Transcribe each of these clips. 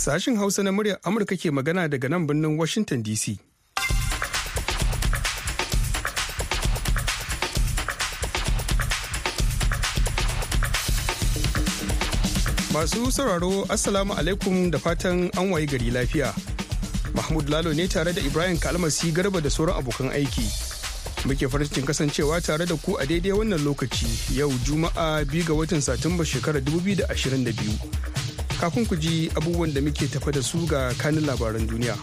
Sashin Hausa na muryar Amurka ke magana daga nan birnin Washington DC. Masu sauraro, Assalamu alaikum da fatan an wayi gari lafiya. Mahmud Lalo ne tare da Ibrahim Kalmasi Garba da sauran abokan aiki. Muke farin kasancewa tare da ku a daidai wannan lokaci yau Juma'a biyu ga watan Satumba shekarar 2022. Kafin ku ji abubuwan da muke tafa da su ga kanin labaran duniya.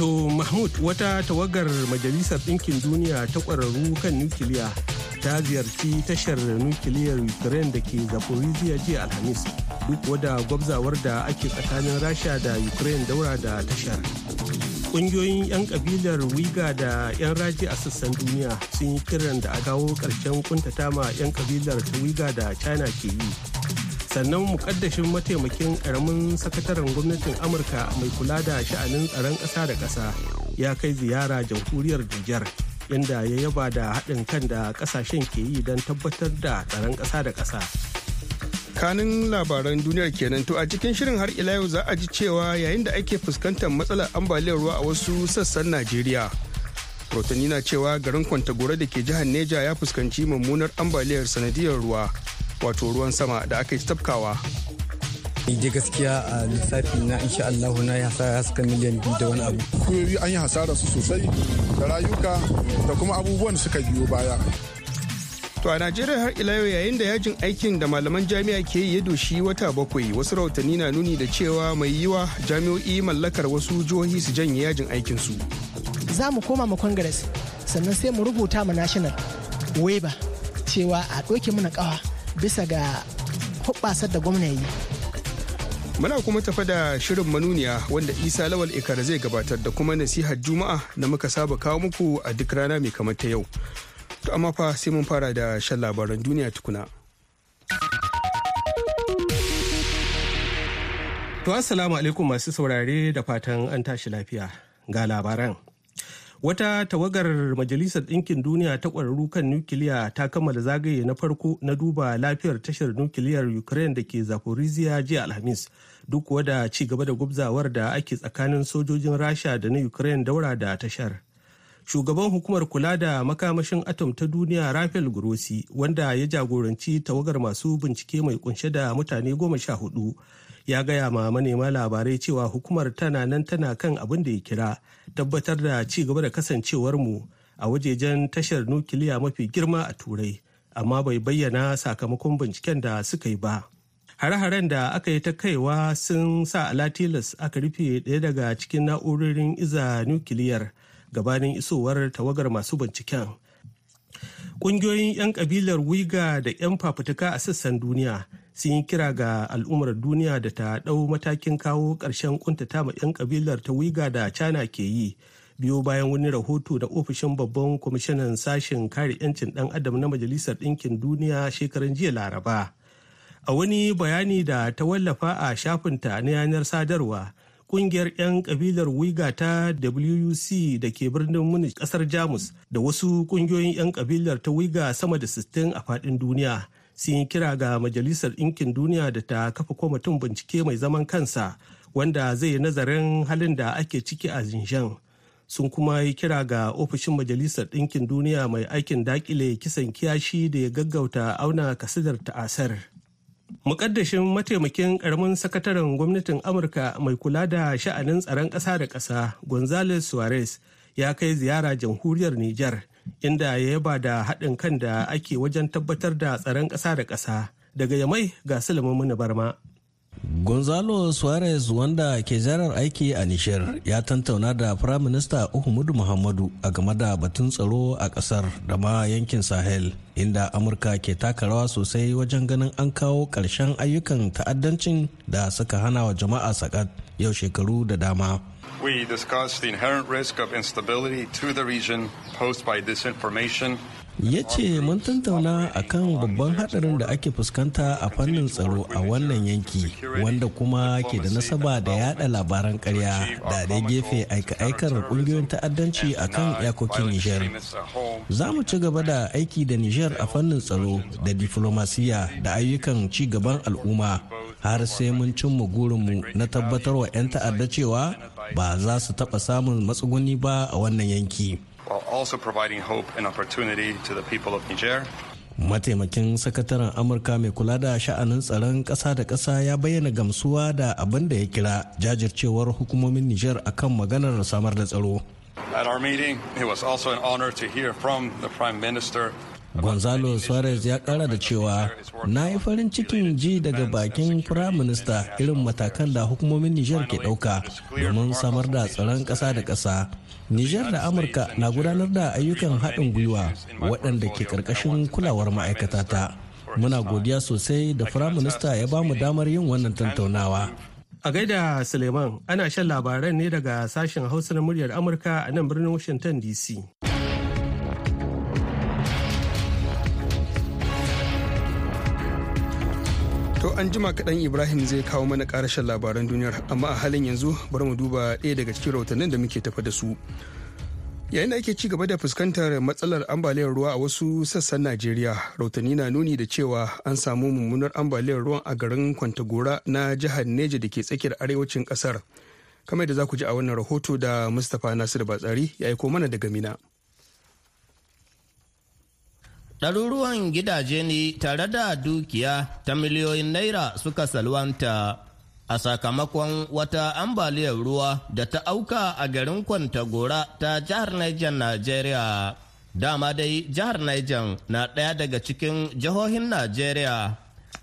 To Mahmud wata tawagar Majalisar Ɗinkin Duniya ta ƙwararru kan nukiliya ta ziyarci tashar nukiliyar Ukraine da ke Zaporizhia jiya Alhamis. duk da gwabzawar da ake tsakanin rasha da ukraine daura da tashar ƙungiyoyin 'yan kabilar wiga da 'yan raji a sassan duniya sun yi kiran da a kawo ƙarshen kuntata ma 'yan kabilar ta wiga da china ke yi sannan mukaddashin mataimakin karamin sakataren gwamnatin amurka mai kula da sha'anin tsaron ƙasa da ƙasa ya kai ziyara jamhuriyar nijar inda ya yaba da haɗin kan da ƙasashen ke yi don tabbatar da tsaron ƙasa da ƙasa kanin labaran duniyar kenan to a cikin shirin har ila yau za a ji cewa yayin da ake fuskantar matsalar ambaliyar ruwa a wasu sassan najeriya rotani na cewa garin kwantagora da ke jihar neja ya fuskanci mummunar ambaliyar sanadiyar ruwa wato ruwan sama da aka yi tafkawa ni dai gaskiya a lissafi na insha Allah na ya hasara haska miliyan biyu da wani abu kuyoyi an yi hasara su sosai da rayuka da kuma abubuwan suka biyo baya To a Najeriya har ila yau yayin da yajin aikin da malaman jami'a ke yi ya doshi wata bakwai wasu rahotanni na nuni da cewa mai yiwa jami'o'i mallakar wasu jihohi su janye yajin aikin su. Za mu koma mu Congress sannan sai mu rubuta mu National Weba cewa a ɗauke mana ƙawa bisa ga hubbasar da gwamna yi. Muna kuma tafa da shirin manuniya wanda Isa Lawal Ikara zai gabatar da kuma nasihar Juma'a da muka saba kawo muku a duk rana mai kamar ta yau. To amma fa sai mun fara da shan labaran duniya tukuna. To assalamu alaikum masu saurare da fatan an tashi lafiya ga labaran. Wata tawagar Majalisar Ɗinkin Duniya ta ƙwararru kan nukiliya ta kammala zagaye na farko na duba lafiyar tashar nukiliyar Ukraine da ke Zaporizhia jiya Alhamis, duk wada da ci gaba da gubzawar da ake tsakanin sojojin Rasha da na Ukraine daura da tashar. shugaban hukumar kula da makamashin atom ta duniya rafael grossi wanda ya jagoranci tawagar masu bincike mai kunshe da mutane goma sha hudu ya gaya ma manema labarai cewa hukumar tana nan tana kan abin da ya kira tabbatar da ci gaba da kasancewar mu a wajejen tashar nukiliya mafi girma a turai amma bai bayyana sakamakon binciken da suka yi ba hare-haren da aka yi ta kaiwa sun sa alatilas aka rufe ɗaya daga cikin na'urorin iza nukiliyar gabanin isowar tawagar masu binciken ƙungiyoyin 'yan kabilar wiga da 'yan fafutuka a sassan duniya sun yi kira ga al'ummar duniya da ta ɗau matakin kawo ƙarshen kuntata ma 'yan ƙabilar ta wiga da china ke yi biyo bayan wani rahoto da ofishin babban kwamishinan sashen kare 'yancin ɗan adam na majalisar ɗinkin duniya shekaran jiya laraba a wani bayani da ta wallafa a shafinta na yanar sadarwa kungiyar 'yan kabilar wiga ta wuc da ke birnin munich kasar jamus da wasu kungiyoyin 'yan kabilar ta wiga sama da 60 a fadin duniya sun yi kira ga majalisar ɗinkin duniya da ta kafa kwamitin bincike mai zaman kansa wanda zai nazarin halin da ake ciki a zinjan Sun kuma yi kira ga ofishin Majalisar Ɗinkin Duniya mai aikin dakile kisan kiyashi da ya gaggauta auna kasidar ta'asar. Mukaddashin mataimakin karamin sakataren gwamnatin Amurka mai kula da sha'anin tsaron ƙasa da ƙasa Gonzales Suarez ya kai ziyara jamhuriyar Nijar inda ya yaba da haɗin kan da ake wajen tabbatar da tsaron ƙasa da ƙasa daga yamai ga Sulaiman Barma. gonzalo suarez wanda ke ziyarar aiki a nishir ya tantauna da firaminista uhumudu muhammadu a game da batun tsaro a kasar da ma yankin sahel inda amurka ke taka rawa sosai wajen ganin an kawo ƙarshen ayyukan ta'addancin da suka hana wa jama'a sakat yau shekaru da dama We discussed the inherent risk of instability to the region posed by disinformation ya ce mun tantauna kan babban hadarin da ake fuskanta a fannin tsaro a wannan yanki wanda kuma ke da nasaba da yada labaran karya da da gefe aika-aikar kungiyoyin ta'addanci a kan iyakokin nijar za mu ci gaba da aiki da nijar a fannin tsaro da diflomasiya da ayyukan ci gaban al'umma har sai mun cimma gurinmu na tabbatarwa 'yan ta'adda cewa ba ba za su taɓa samun matsuguni ba a wannan yanki. Mataimakin sakataren Amurka mai kula da sha'anin tsaron ƙasa da ƙasa ya bayyana gamsuwa da abin da ya kira jajircewar hukumomin Nijar kan maganar samar da tsaro. At our meeting, it was also an honor to hear from the Prime Minister gonzalo suarez ya kara da cewa na yi farin cikin ji daga bakin firaminista irin matakan da hukumomin nijar ke dauka domin samar da tsaron kasa da kasa nijar da amurka na gudanar da ayyukan haɗin gwiwa waɗanda ke ƙarƙashin kulawar ma'aikata ta muna godiya sosai da firaminista ya bamu damar yin wannan tattaunawa A gaida Suleiman ana shan labaran ne daga sashen Hausa na muryar Amurka a nan birnin Washington DC. an jima kaɗan Ibrahim zai kawo mana ƙarashen labaran duniyar amma a halin yanzu bari mu duba ɗaya daga cikin rahotannin da muke tafa da su. Yayin da ake ci gaba da fuskantar matsalar ambaliyar ruwa a wasu sassan Najeriya, rahotanni na nuni da cewa an samu mummunar ambaliyar ruwan a garin Kwantagora na jihar Neja da ke tsakiyar arewacin kasar Kamar da za ku ji a wannan rahoto da Mustapha Nasiru Batsari ya aiko mana daga Mina. ɗaruruwan gidaje ne tare da dukiya ta miliyoyin naira suka salwanta a sakamakon wata ambaliyar ruwa da ta auka a garin kwantagora ta jihar Niger Najeriya. Dama dai jihar Niger na ɗaya daga cikin jihohin Najeriya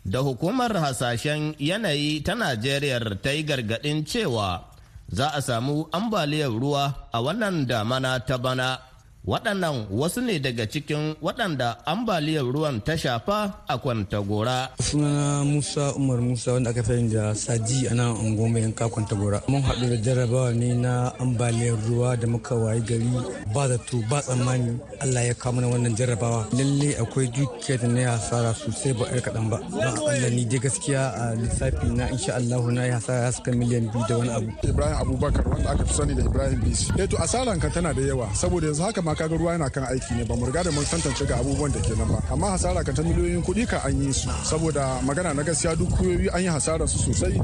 da hukumar hasashen yanayi ta Najeriya ta yi gargaɗin cewa za a samu ambaliyar ruwa a wannan damana ta bana. waɗannan wasu ne daga cikin waɗanda ambaliyar ruwan ta shafa a kwantagora sunana musa umar musa wanda aka fahimta da saji a nan unguwar yanka kwantagora mun haɗu da jarabawa ne na ambaliyar ruwa da muka wayi gari ba zato ba tsammani allah ya kawo mana wannan jarabawa lalle akwai dukiya da na hasara sosai ba ɗaya kaɗan ba don akalla ni dai gaskiya a lissafi na insha allahu na ya hasara ya suka miliyan biyu da wani abu ibrahim abubakar wanda aka fi sani da ibrahim bisi eto eh to ka tana da yawa saboda yanzu haka ma kaga ruwa yana kan aiki ne ba mu riga da mun tantance ga abubuwan da ke nan ba amma hasara kan ta miliyoyin kuɗi ka an yi su saboda magana na gaskiya duk kuyoyi an yi hasara su sosai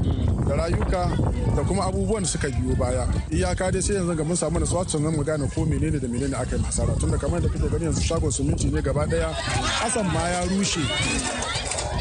da rayuka da kuma abubuwan da suka biyo baya iyaka dai sai yanzu ga mun samu nasuwa sannan mu gane ko menene da menene aka yi hasara tunda kamar da kuke gani yanzu shagon suminti ne gaba ɗaya asan ma ya rushe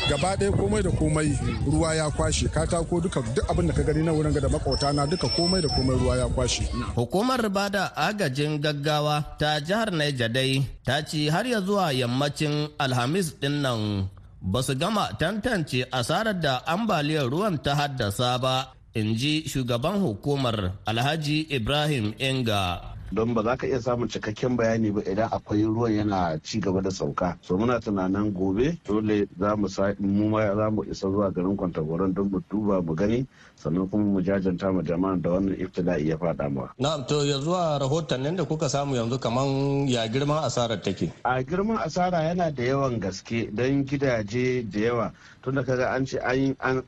gaba ɗaya komai da komai ruwa ya kwashe katako duka duk abin da ka gani na wurin ga da makauta na duka komai da komai ruwa ya kwashe hukumar bada agajin gaggawa ta jihar Niger dai ta ce har ya zuwa yammacin alhamis din nan ba su gama tantance asarar da ambaliyar ruwan ta haddasa ba in ji shugaban hukumar alhaji ibrahim inga don ba za ka iya samun cikakken bayani ba idan akwai ruwan yana ci gaba da sauka so muna tunanin gobe dole za mu mu ma za mu isa zuwa garin kwantagoron don mu duba mu gani sannan kuma mu jajanta mu jama'a da wannan iftila'i ya faɗa ma na'am to ya zuwa rahotannin da kuka samu yanzu kaman ya girman asarar take a girman asara yana da yawan gaske don gidaje da yawa tunda kaga an ce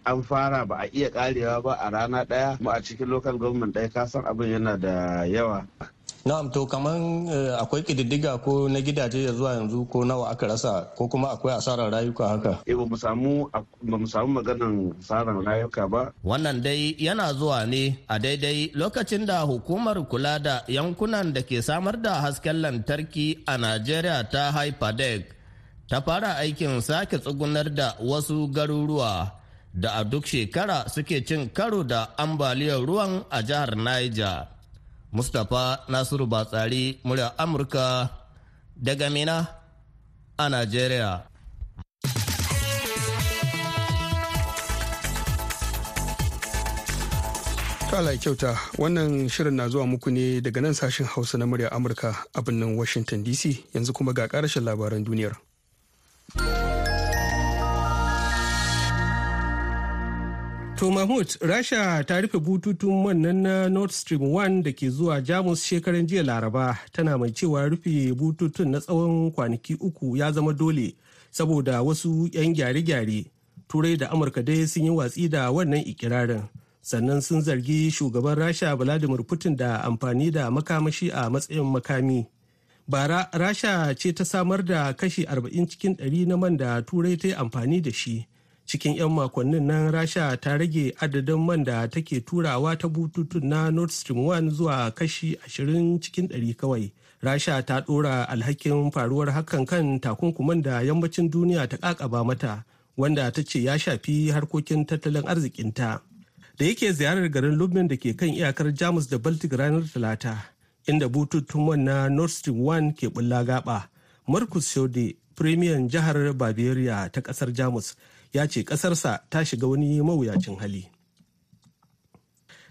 an fara ba a iya karewa ba a rana ɗaya. mu a cikin local government ɗaya kasan abin yana da yawa na'am to kaman eh, akwai kididdiga ko na gidaje ya zuwa yanzu ko nawa aka rasa ko kuma akwai asarar rayuka haka eh ba mu samu ba mu samu maganan asarar rayuka ba wannan dai yana zuwa ne a daidai lokacin da hukumar kula da yankunan da ke samar da hasken lantarki a Najeriya ta Hyperdeck ta fara aikin sake tsugunar da wasu garuruwa da a duk shekara suke cin karo da ambaliyar ruwan a jihar Niger. Mustapha Nasiru Batsari murya Amurka daga Mina a Najeriya. Kala kyauta wannan shirin na zuwa muku ne daga nan sashen Hausa na murya Amurka a birnin Washington DC yanzu kuma ga karashin labaran duniyar. To Mahmud, Rasha ta rufe bututun wannan na Nord Stream 1 da ke zuwa Jamus shekaran jiya Laraba tana mai cewa rufe bututun na tsawon kwanaki uku ya zama dole saboda wasu 'yan gyare-gyare. Turai da Amurka dai sun yi watsi da wannan ikirarin. Sannan sun zargi shugaban Rasha Vladimir Putin da amfani da makamashi a matsayin makami. Bara Rasha ce ta samar da kashi 40 cikin 100 na man da Turai ta yi amfani da shi. cikin 'yan makonnin nan rasha ta rage adadin man da take turawa ta bututun na nord stream 1 zuwa kashi 20 cikin 100 kawai rasha ta dora alhakin faruwar hakan kan takunkuman da yammacin duniya ta kakaba mata wanda ta ce ya shafi harkokin tattalin arzikinta da yake ziyarar garin lubmin da ke kan iyakar jamus da baltic ranar talata inda bututun man na nord stream 1 ke bulla gaba marcus shode premier jihar bavaria ta kasar jamus ya ce ƙasarsa ta shiga wani mawuyacin hali.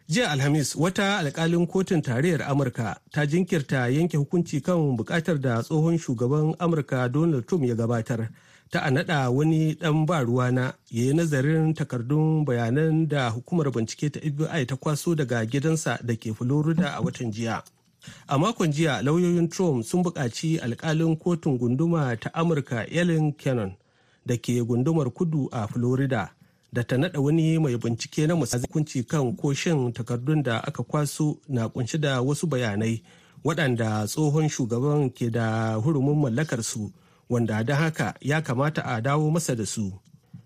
jiya alhamis wata alkalin kotun tarayyar amurka ta jinkirta yanke hukunci kan bukatar da tsohon shugaban amurka donald trump ya gabatar ta a nada wani dan ba ruwana ya yi nazarin takardun bayanan da hukumar bincike ta fbi ta kwaso daga gidansa da ke florida a watan jiya a makon jiya lauyoyin trump sun bukaci alkalin kotun gunduma ta amurka ellen cannon da ke gundumar kudu a florida da ta nada wani mai bincike na hukunci kan ko koshin takardun da aka kwaso na kunshi da wasu bayanai waɗanda tsohon shugaban ke da hurumin mallakar su wanda da haka ya kamata a dawo masa da su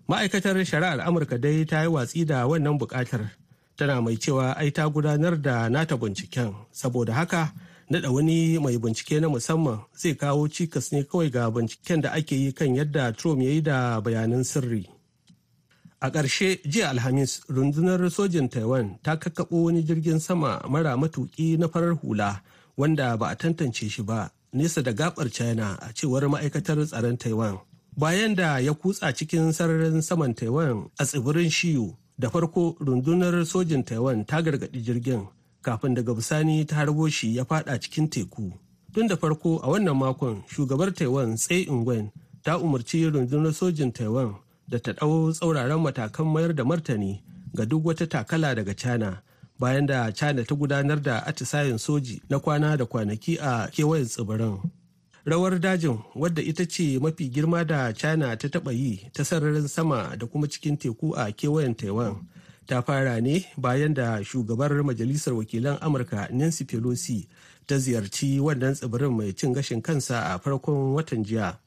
ma'aikatar shari'ar amurka dai ta yi watsi da wannan buƙatar tana mai cewa ai ta gudanar da nata binciken saboda haka Nada wani mai bincike na musamman zai kawo cikas ne kawai ga binciken da ake yi kan yadda Trump ya yi da bayanan sirri. A ƙarshe jiya Alhamis, rundunar sojin Taiwan ta kakkaɓo wani jirgin sama mara matuƙi na farar hula wanda ba a tantance shi ba nesa da gabar China a cewar ma'aikatar tsaron Taiwan. Bayan da ya kutsa cikin sararin saman Taiwan a tsibirin Shiyu, da farko rundunar sojin Taiwan ta gargaɗi jirgin kafin daga bisani ta harbo shi ya fada cikin teku tun da farko a wannan makon shugabar taiwan tsai ingwen ta umarci rundunar sojin taiwan da ta ɗau tsauraran matakan mayar da martani ga duk wata takala daga china bayan da china ta gudanar da atisayen soji na kwana da kwanaki a kewayen tsibirin rawar dajin wadda ita ce mafi girma da china ta taɓa yi ta sararin sama da kuma cikin teku a kewayen taiwan ta fara ne bayan da shugabar majalisar wakilan amurka nancy pelosi ta ziyarci wannan tsibirin mai cin gashin kansa a farkon watan jiya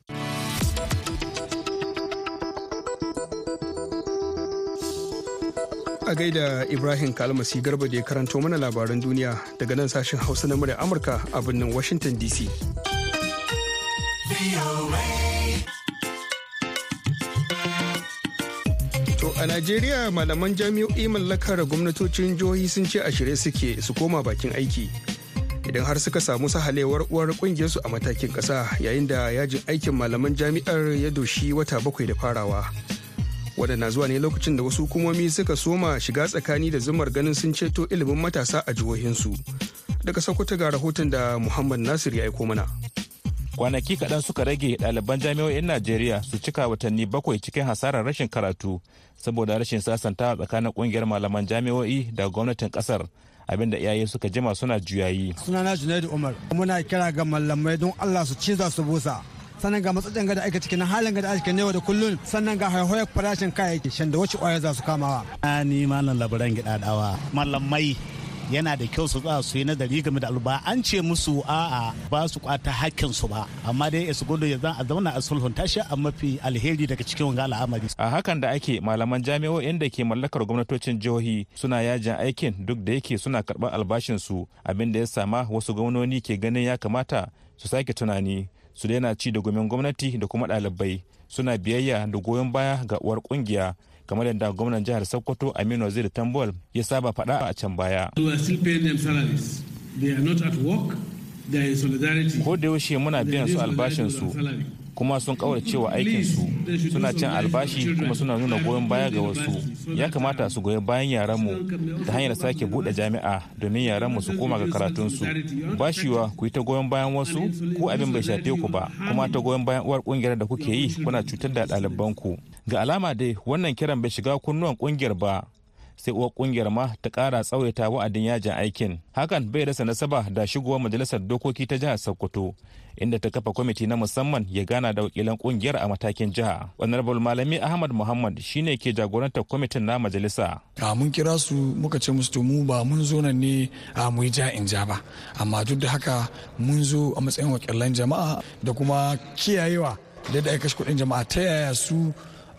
a gaida ibrahim kalmasi garba da ya karanto mana labaran duniya daga nan sashen hausa na murya amurka a birnin washington dc A Najeriya malaman jami'o'i mallakar gwamnatocin jihohi sun ce a shirye suke su koma bakin aiki. Idan har suka samu sahalewar uwar kungiyarsu a matakin ƙasa yayin da yajin aikin malaman jami'ar ya doshi wata bakwai da farawa. Waɗanda zuwa ne lokacin da wasu hukumomi suka soma shiga tsakani da zumar ganin sun ceto ilimin matasa a jihohinsu. Daga Sokoto ga rahoton da Muhammad Nasir ya aiko mana. kwanaki kaɗan suka rage ɗaliban jami'o'in najeriya su cika watanni bakwai cikin hasarar rashin karatu saboda rashin sasantawa tsakanin ƙungiyar malaman jami'o'i da gwamnatin ƙasar abinda iyaye suka jima suna juyayi sunana junaidu umar muna kira ga malamai don allah su ciza su busa sannan ga matsayin gada aika cikin halin gada aika ne da kullun sannan ga haihuwar farashin kayayyaki shan da wacce kwayar za su kamawa. ni malam labaran gida dawa malamai yana da kyau su za su yi nazari game da alba an ce musu a'a ba su kwata hakkin su ba amma dai su gudu ya a zauna a sulhun tashi a mafi alheri daga cikin wanga al'amari a hakan da ake malaman jami'o'in da ke mallakar gwamnatocin jihohi suna yajin aikin duk da yake suna karɓar albashin su abin da ya sama wasu gwamnoni ke ganin ya kamata su sake tunani su daina ci da gwamnati da kuma ɗalibai suna biyayya da goyon baya ga uwar ƙungiya. kamar yadda gwamnan jihar sokoto aminu waziri tambol ya saba faɗa a can baya ko da yaushe muna biyan su albashinsu. kuma sun cewa aikinsu suna cin albashi kuma suna nuna goyon baya ga wasu ya kamata su goyi bayan yaranmu ta hanyar sake buɗe jami'a domin yaranmu su koma ga karatunsu bashiwa ku yi ta goyon bayan wasu ko abin bai shafe ku ba kuma ta goyon bayan uwar kungiyar da kuke yi kuna cutar da ɗalibanku ga alama dai wannan kiran bai shiga kunnuwan kungiyar ba sai uwa kungiyar ma ta kara tsawaita wa'adin yajin aikin hakan bai rasa nasaba da shigowar majalisar dokoki ta jihar sokoto inda ta kafa kwamiti na musamman ya gana da wakilan kungiyar a matakin jiha honorable malami ahmad muhammad shine ke jagorantar kwamitin na majalisa a mun kira su muka ce musu to mu ba mun zo nan ne a mu yi ja in ja ba amma duk da haka mun zo a matsayin wakilan jama'a da kuma kiyayewa da da kashe kuɗin jama'a ta yaya su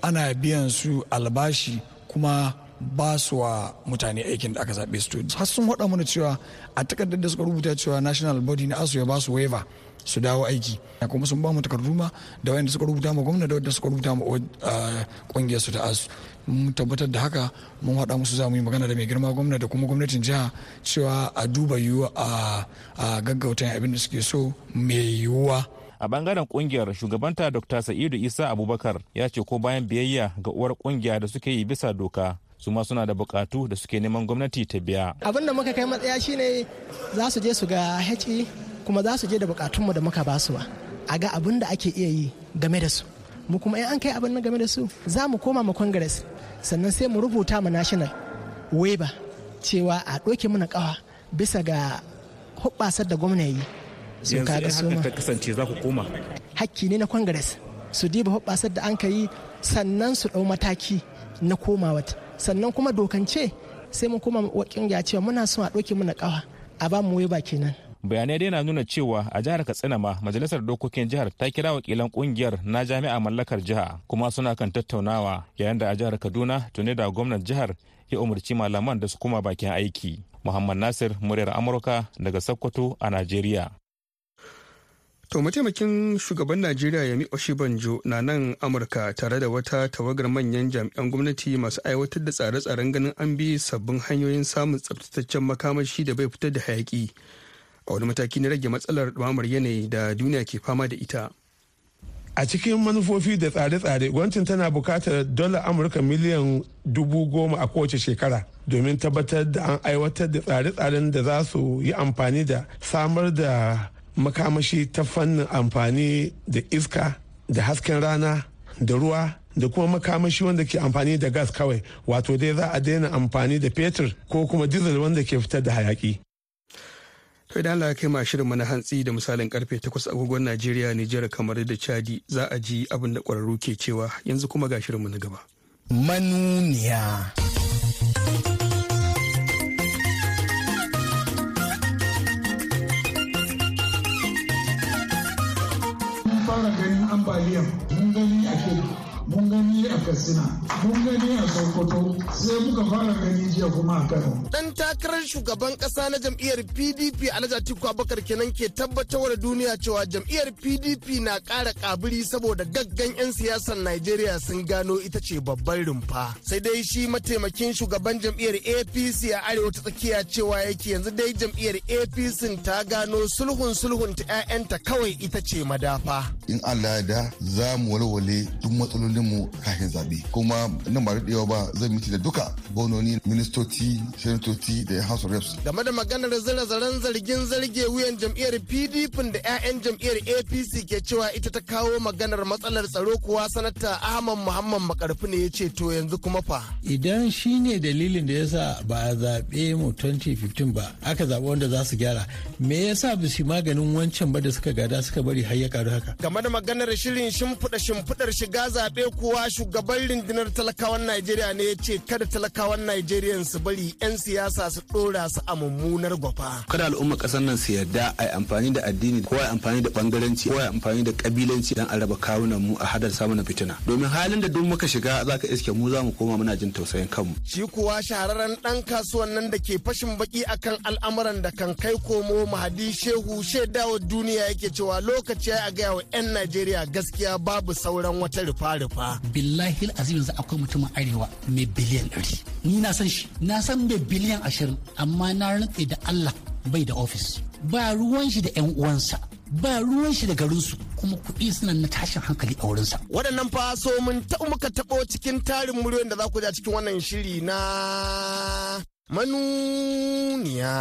ana biyan su albashi kuma ba su wa mutane aikin da aka zaɓe su har sun haɗa mana cewa a takardar da suka rubuta cewa national body na asu ya ba su waiver su dawo aiki kuma sun ba mu takardu ma da wayanda suka rubuta ma gwamna da wanda suka rubuta ma kungiyar uh, su ta asu mun tabbatar da haka mun haɗa musu za mu yi magana da mai girma gwamna da kuma gwamnatin jiha cewa a duba yiwuwa a gaggauta abin da suke so mai yiwuwa a bangaren kungiyar shugabanta dr sa'idu isa abubakar ya ce ko bayan biyayya ga uwar kungiya da suke yi bisa doka su ma suna da bukatu da suke neman gwamnati ta biya abin da muka kai matsaya shine za su je su ga HE kuma za su je da bukatunmu da muka basuwa. ba a ga abin da ake iya yi game da su mu kuma in an kai abin nan game da su za mu koma mu congress sannan sai mu rubuta ma national waiver cewa a ɗauke mana kawa bisa ga hubbasar da gwamna yi yanzu kaga kasance za ku koma hakki ne na congress su diba hubbasar da an ka yi sannan su ɗau mataki na komawa sannan kuma dokance sai mu kuma ya cewa muna son a ɗauke muna ƙawa a ba mu waiba kenan bayanai dai na nuna cewa a jihar katsina ma majalisar dokokin jihar ta kira wakilan kungiyar na jami'a mallakar jiha kuma suna kan tattaunawa yayin da a jihar kaduna tuni da gwamnan jihar ya umarci malaman da su kuma bakin aiki muhammad nasir muryar amurka daga sokoto a najeriya To mataimakin shugaban Najeriya Yemi Oshibanjo na nan Amurka tare da wata tawagar manyan jami'an gwamnati masu aiwatar da tsare-tsaren ganin an bi sabbin hanyoyin samun tsabtataccen makamashi da bai fitar da hayaki a wani mataki na rage matsalar ɗumamar yanayi da duniya ke fama da ita. A cikin manufofi da tsare-tsare, gwamnatin tana buƙatar dola Amurka miliyan dubu goma a kowace shekara domin tabbatar da an aiwatar da tsare-tsaren da za su yi amfani da samar da makamashi ta fannin amfani da iska da hasken rana da ruwa da kuma makamashi wanda ke amfani da gas kawai wato dai za a daina amfani da fetur ko kuma dizal wanda ke fitar da hayaki. to idan Allah kai shirin mana hantsi da misalin karfe 8 agogon Najeriya Nijar kamar da Chadi za a ji abin da kwararru ke cewa yanzu kuma ga shirinmu na gaba. Manuniya. fara ganin ambaliyan mun gani a mun gani a katsina mun gani a sokoto sai muka fara gani jiya kuma a kano dan takarar shugaban kasa na jam'iyyar pdp alhaji atiku abubakar kenan ke tabbatar da duniya cewa jam'iyyar pdp na ƙara kabiri saboda gaggan 'yan siyasar najeriya sun gano ita ce babban rumfa sai dai shi mataimakin shugaban jam'iyyar apc a arewa ta tsakiya cewa yake yanzu dai jam'iyyar apc ta gano sulhun sulhun ta 'ya'yanta kawai ita ce madafa in allah ya da za mu walwale duk matsaloli mu kafin zaɓe kuma nan ba daɗewa ba zan miti da duka gononi ministoci senatoci da house of reps game da maganar zare-zaren zargin zarge wuyan jam'iyyar pdp da 'ya'yan jam'iyyar apc ke cewa ita ta kawo maganar matsalar tsaro kuwa sanata ahmad muhammad makarfi ne ya ce to yanzu kuma fa idan shine dalilin da yasa ba a zaɓe mu 2015 ba aka zaɓi wanda za su gyara me yasa ba su maganin wancan ba da suka gada suka bari har ya karu haka game da maganar shirin shimfiɗa shimfiɗar shiga zaɓe ƙarshe kuwa shugaban rundunar talakawan Najeriya ne ya ce kada talakawan Najeriya su bari 'yan siyasa su ɗora su a mummunar gwafa. Kada al'umma ƙasar nan su yarda a yi amfani da addini ko a amfani da bangaranci ko a amfani da kabilanci don a raba kawunan mu a hadar samun fitina. Domin halin da duk muka shiga za ka iske mu za mu koma muna jin tausayin kanmu. Shi kuwa shahararren ɗan kasuwan nan da ke fashin baki akan al'amuran da kan kai komo Mahadi Shehu Shedawa duniya yake cewa lokaci ya gaya wa 'yan Najeriya gaskiya babu sauran wata rufa-rufa. fa billahi azim yanzu akwai mutumin arewa mai biliyan ɗari ni na san shi na san mai biliyan ashirin amma na rantse da allah bai da ofis ba ruwan shi da 'yan uwansa ba ruwan shi da garinsu kuma kuɗi suna na tashin hankali a wurinsa. Waɗannan fa so mun taɓa muka taɓo cikin tarin muryoyin da za ku ja cikin wannan shiri na manuniya.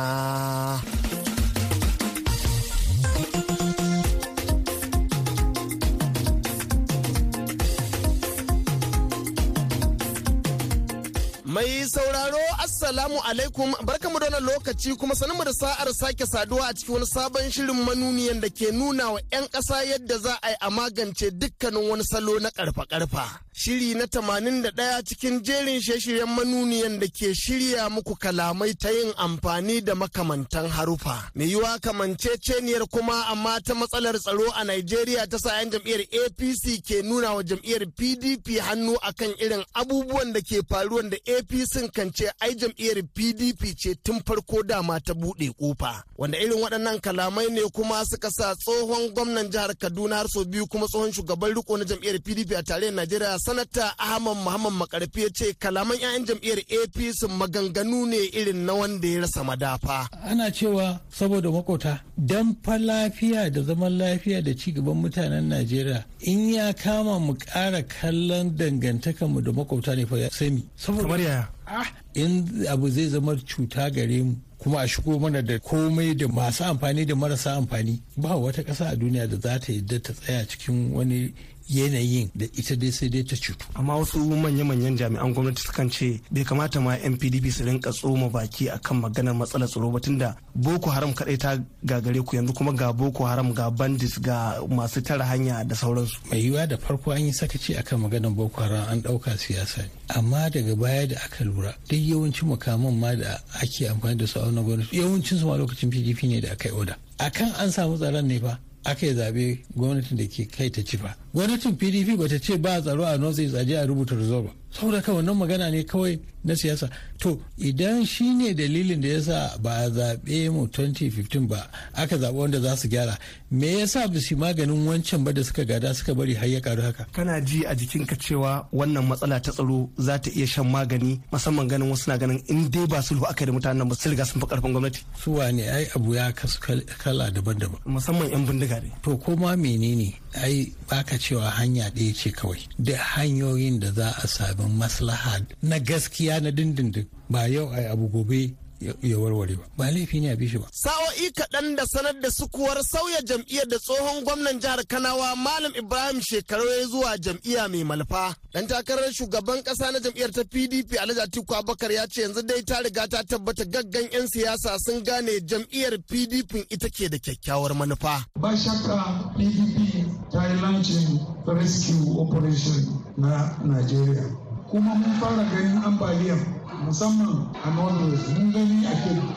Mai sauraro Assalamu alaikum barkamu da wannan lokaci kuma sanin da sa'ar sake saduwa a cikin wani sabon shirin manuniyan da ke nuna wa 'yan ƙasa yadda za a yi a magance dukkanin wani salo na karfa-karfa. Shiri na tamanin da ɗaya cikin jerin shirye-shiryen manuniyan da ke shirya muku kalamai ta yin amfani da makamantan harufa. Mai yiwa kamanceceniyar kuma amma ta matsalar tsaro a Najeriya ta sa 'yan jam'iyyar APC ke nuna wa jam'iyyar PDP hannu akan irin abubuwan da ke faruwan da APC apc kan ce ai jam'iyyar pdp ce tun farko dama ta buɗe kofa wanda irin waɗannan kalamai ne kuma suka sa tsohon gwamnan jihar kaduna har sau biyu kuma tsohon shugaban riko na jam'iyyar pdp a tarayyar najeriya sanata ahmad muhammad makarfi ya ce kalaman 'ya'yan jam'iyyar apc maganganu ne irin na wanda ya rasa madafa ana cewa saboda makota dan lafiya da zaman lafiya da cigaban mutanen najeriya in ya kama mu ƙara kallon dangantaka da makwabta ne fa sai kamar yaya ah, in abu zai zama cuta gare mu kuma a shigo mana da komai da masu amfani da marasa amfani ba wata ƙasa a duniya da za ta yadda ta tsaya cikin wani yanayin da ita dai sai dai ta cutu. Amma wasu manya-manyan jami'an gwamnati sukan ce bai kamata ma 'yan PDP su rinka tsoma baki akan maganar matsalar tsaro ba tunda Boko Haram kaɗai ta gagare ku yanzu kuma ga Boko Haram ga bandits ga masu tara hanya da sauransu. Mai yiwuwa da farko an yi sakaci akan maganar Boko Haram an ɗauka siyasa ne. Amma daga baya da aka lura duk yawancin makaman ma da ake amfani da su a wannan gwamnati yawancin ma lokacin PDP ne da aka yi oda. Akan an samu tsaron ne fa aka yi zaɓe gwamnatin da ke kai ta ci ba gwamnatin pdp ba ta ce ba tsaro a north east aje a rubuta result ba saboda kawai wannan magana ne kawai na siyasa to idan shi ne dalilin da ya sa ba a zaɓe mu 2015 ba aka zaɓi wanda za su gyara me yasa ba su maganin wancan ba da suka gada suka bari har ya karu haka kana ji a jikinka cewa wannan matsala ta tsaro za ta iya shan magani musamman ganin wasu na ganin in dai ba sulhu aka da mutanen ba su riga sun fi karfin gwamnati su wane ai abu ya kasu kala daban-daban musamman yan bindiga ne to ko ma menene ai baka cewa hanya ɗaya ce kawai da hanyoyin da za a sami maslaha na gaskiya ya na dindindin ba yau a abu gobe ya warware ba ba laifi ne a bishi ba. sa'o'i kaɗan da sanar da sukuwar sauya jam'iyyar da tsohon gwamnan jihar kanawa malam ibrahim shekaru ya zuwa jam'iyya mai malfa dan takarar shugaban ƙasa na jam'iyyar ta pdp alhaji atiku abakar ya ce yanzu dai ta riga ta tabbata gaggan 'yan siyasa sun gane jam'iyyar pdp ita ke da kyakkyawar manufa. ba shakka pdp ta yi launching rescue operation na nigeria kuma mun fara ganin ambaliyan musamman a northwest mun gani a kebbi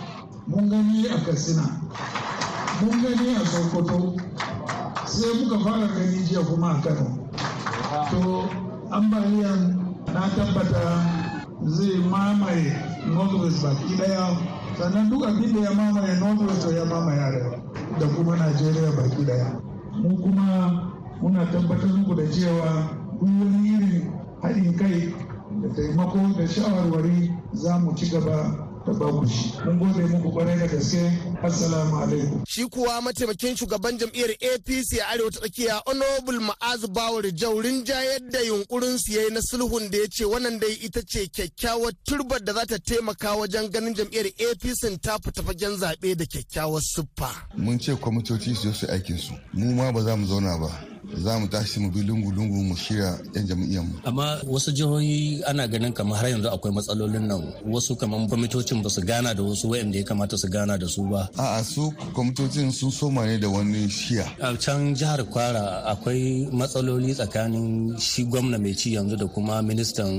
mun gani a katsina mun gani a sokoto sai muka fara gani jiya kuma a kano to ambaliyan na tabbata zai mamaye northwest baki daya sannan duk abin da ya mamaye northwest ya mamaye arewa da kuma najeriya baki daya mu kuma muna tabbatar muku da cewa duk wani irin haɗin kai da taimako da shawarwari za mu ci gaba da baku shi. Mun gode muku kwarai da gaske. Assalamu alaikum. Shi kuwa mataimakin shugaban jam'iyyar APC a Arewa ta tsakiya Honorable ma'azu Bawar Jaurin jayar da yunkurin su yayi na sulhun da ya ce wannan dai ita ce kyakkyawar turbar da za ta taimaka wajen ganin jam'iyyar APC ta fita fagen zaɓe da kyakkyawar siffa. Mun ce kwamitoci su yi aikin su. Mu ma ba za mu zauna ba. za mu tashi mu bi lungu-lungu mu shirya 'yan jam'iyyar mu. Amma wasu jihohi ana ganin kamar har yanzu akwai matsalolin nan wasu kamar kwamitocin ba su gana da wasu wa'anda ya kamata su gana da su ba. A'a su kwamitocin sun soma ne da wani shiya. A can jihar Kwara akwai matsaloli tsakanin shi gwamna mai ci yanzu da kuma ministan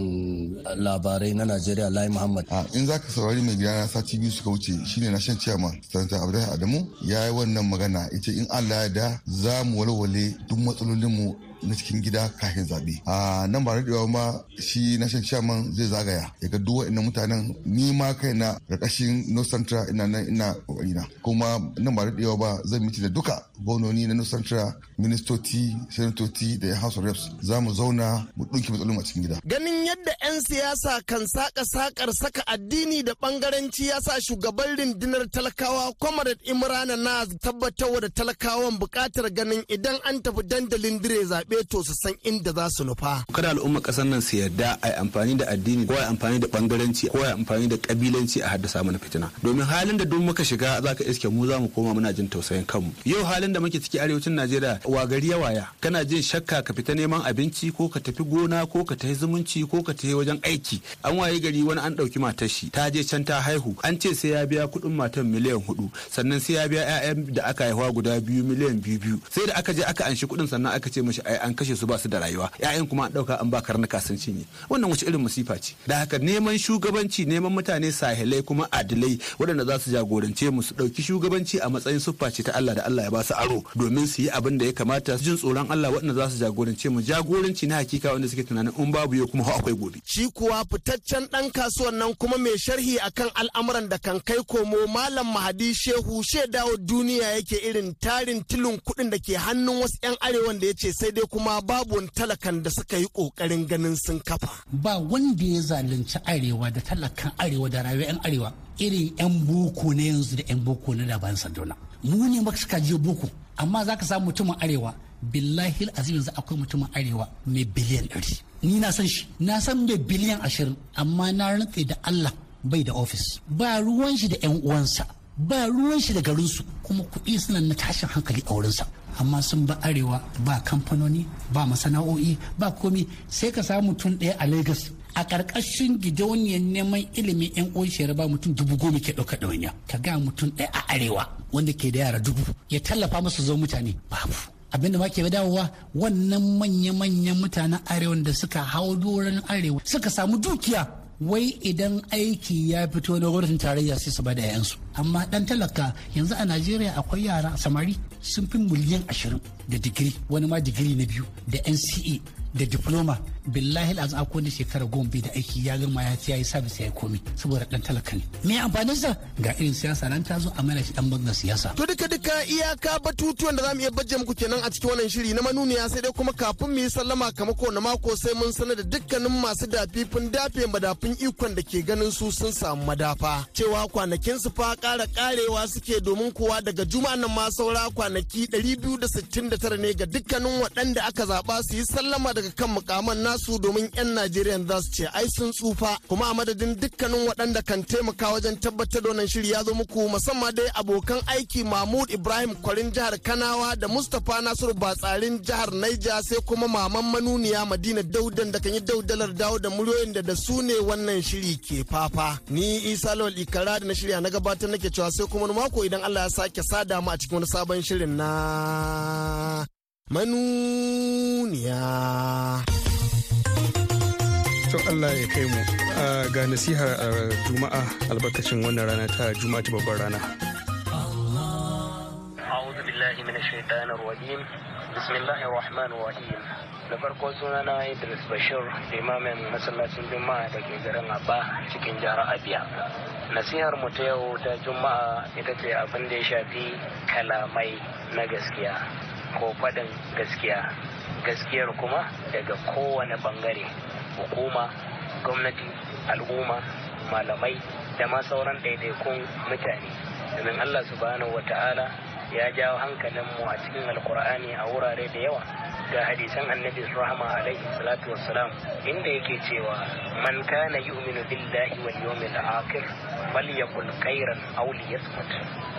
labarai na Najeriya Lai Muhammad. A in za ka saurari mai gidana sati biyu suka wuce shine na shan ciyama Sanata Abdullahi Adamu ya yi wannan magana ita in Allah ya da za mu walwale duk ololen na cikin gida kafin zaɓe a nan ba daɗewa ma shi shan chairman zai zagaya ya ga duwa ina mutanen ni ma kaina ƙarƙashin north central ina nan ina ƙoƙarina kuma nan ba daɗewa ba zan miti da duka gwamnoni na north central ministoci senatoci da house of reps za mu zauna mu ɗauki matsalolin a cikin gida ganin yadda 'yan siyasa kan saka sakar saka addini da bangaranci ya sa shugaban rundunar talakawa comrade imrana na tabbatarwa da talakawan bukatar ganin idan an tafi dandalin dire zaɓe zaɓe to su san inda za su nufa. Kada al'umma ƙasar nan su yarda a amfani da addini ko a amfani da bangaranci ko a amfani da kabilanci a haddasa mana fitina. Domin halin da duk muka shiga za ka iske mu za mu koma muna jin tausayin kanmu. Yau halin da muke ciki arewacin Najeriya wa gari ya waya kana jin shakka ka fita neman abinci ko ka tafi gona ko ka tafi zumunci ko ka tafi wajen aiki. An waye gari wani an ɗauki matar shi ta je can ta haihu an ce sai ya biya kuɗin matan miliyan hudu sannan sai ya biya 'ya'yan da aka haihuwa guda biyu miliyan biyu biyu sai da aka je aka anshi kuɗin sannan aka ce mashi ai an kashe su ba su da rayuwa ya'yan kuma an ɗauka an ba karnuka sun cinye wannan wace irin masifa ce da haka neman shugabanci neman mutane sahilai kuma adilai waɗanda za su jagorance mu su ɗauki shugabanci a matsayin siffa ce ta Allah da Allah ya ba su aro domin su yi abin da ya kamata jin tsoron Allah waɗanda za su jagorance mu jagoranci na hakika wanda suke tunanin in babu yau kuma akwai gobe shi kuwa fitaccen ɗan kasuwan nan kuma mai sharhi akan al'amuran da kan kai komo malam mahadi shehu shedawo duniya yake irin tarin tilin kuɗin da ke hannun wasu 'yan arewan da ya ce sai dai kuma babu wani talakan da suka yi kokarin ganin sun kafa ba wanda ya zalunci arewa da talakan arewa da rayuwa yan arewa irin yan boko na yanzu da yan boko na daban sandona mu ne maka suka je boko amma za ka samu mutumin arewa billahi azim yanzu akwai mutumin arewa mai biliyan ɗari ni na san shi na san mai biliyan ashirin amma na rantse da allah bai da ofis ba ruwan shi da yan uwansa ba ruwan shi da garinsu kuma kuɗi suna na tashin hankali a wurinsa amma sun ba arewa ba kamfanoni ba masana'o'i ba komi sai ka samu mutum ɗaya a lagos a ƙarƙashin gidauniyar neman ilimi 'yan uwan ba mutum dubu goma ke ɗauka ɗawanya ka ga mutum ɗaya a arewa wanda ke da yara dubu ya tallafa masa zo mutane babu abin da ke dawowa wannan manya-manyan mutanen arewa da suka hau doron arewa suka samu dukiya wai idan aiki ya fito na gwamnatin tarayya sai su bada da 'yansu amma dan talaka yanzu a najeriya akwai yara samari sun fi miliyan ashirin da digiri wani ma digiri na biyu da nce da diploma billahi al'azu a kowane shekara goma bai da aiki ya gama ya ya yi sabis ya yi komi saboda dan talaka ne me amfanin sa ga irin siyasa nan ta zo a mana shi dan bangar siyasa to duka duka iyaka batutuwan da zamu iya bajje muku kenan a cikin wannan shiri na manuniya sai dai kuma kafin mu yi sallama ko na mako sai mun sanar da dukkanin masu dafifin dafe madafin ikon da ke ganin su sun samu madafa cewa kwanakin su fa kara karewa suke domin kowa daga juma'a nan ma saura kwanaki 269 ne ga dukkanin waɗanda aka zaɓa su yi sallama daga kan mukaman nasu domin 'yan Najeriya za su ce ai sun tsufa kuma a madadin dukkanin waɗanda kan taimaka wajen tabbatar da wannan shiri ya zo muku musamman dai abokan aiki Mahmud Ibrahim Kwarin jihar Kanawa da Mustapha Nasiru Batsarin jihar Naija sai kuma maman manuniya Madina Daudan da kan yi daudalar dawo da muryoyin da da su ne wannan shiri ke fafa. Ni Isa Lawal Ikara da na shirya na gabatar lokacin nake cewa sai kuma mako idan Allah ya sake sada mu a cikin wani sabon shirin na manuniya. To Allah ya kai mu ga nasihar Juma'a albarkacin wannan rana ta Juma'a ta babbar rana. أعوذ بالله من bismillahir rahman rahim da farko sunana idris bashir limamin masallacin juma'a da ke garin abba cikin jihar abia nasihar mu ta yau ta juma'a ita ce abin da ya shafi kalamai na gaskiya ko faɗin gaskiya gaskiyar kuma daga kowane bangare hukuma gwamnati al'umma malamai da ma sauran ɗaiɗaikun mutane domin allah subhanahu wa ta'ala ya jawo hankalinmu a cikin alkur'ani a wurare da yawa ga hadisan annabi rahama alaihi salatu wassalam inda yake cewa man kana yu'minu billahi wal yawmil akhir falyakul khairan aw liyasmut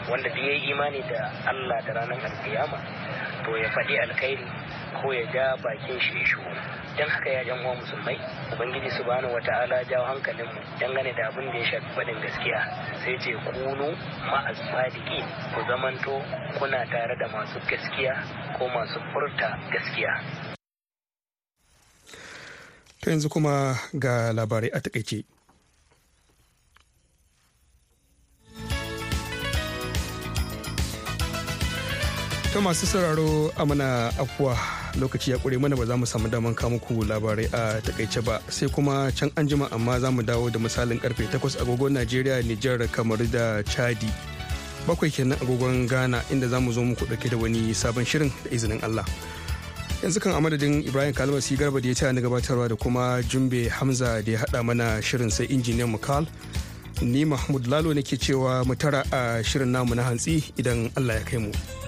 wanda da yayi imani da Allah da ranar alkiyama to ya faɗi alkhairi ko ya ja bakin shi ya shigo don haka ya jan musulmai ubangiji su wata wata'ala jawo hankalinmu dangane da abin da ya shafi faɗin gaskiya sai ce kunu ma'az fadiki ku zamanto kuna tare da masu gaskiya ko masu furta gaskiya ta yanzu kuma ga labarai a takaice To masu sauraro a mana afuwa lokaci ya kure mana ba za mu samu daman kawo muku labarai a takaice ba sai kuma can an jima amma za mu dawo da misalin karfe 8 agogon Najeriya, Nijar, kamar da Chadi. Bakwai kenan agogon Ghana inda za mu zo muku dauke da wani sabon shirin da izinin Allah. yanzu kan amadadin ibrahim kalmasi garba da ya taya na gabatarwa da kuma jumbe hamza da ya haɗa mana shirin sai injiniyan mukal ni mahmud lalo nake cewa mu tara a shirin namu na hantsi idan allah ya kai mu.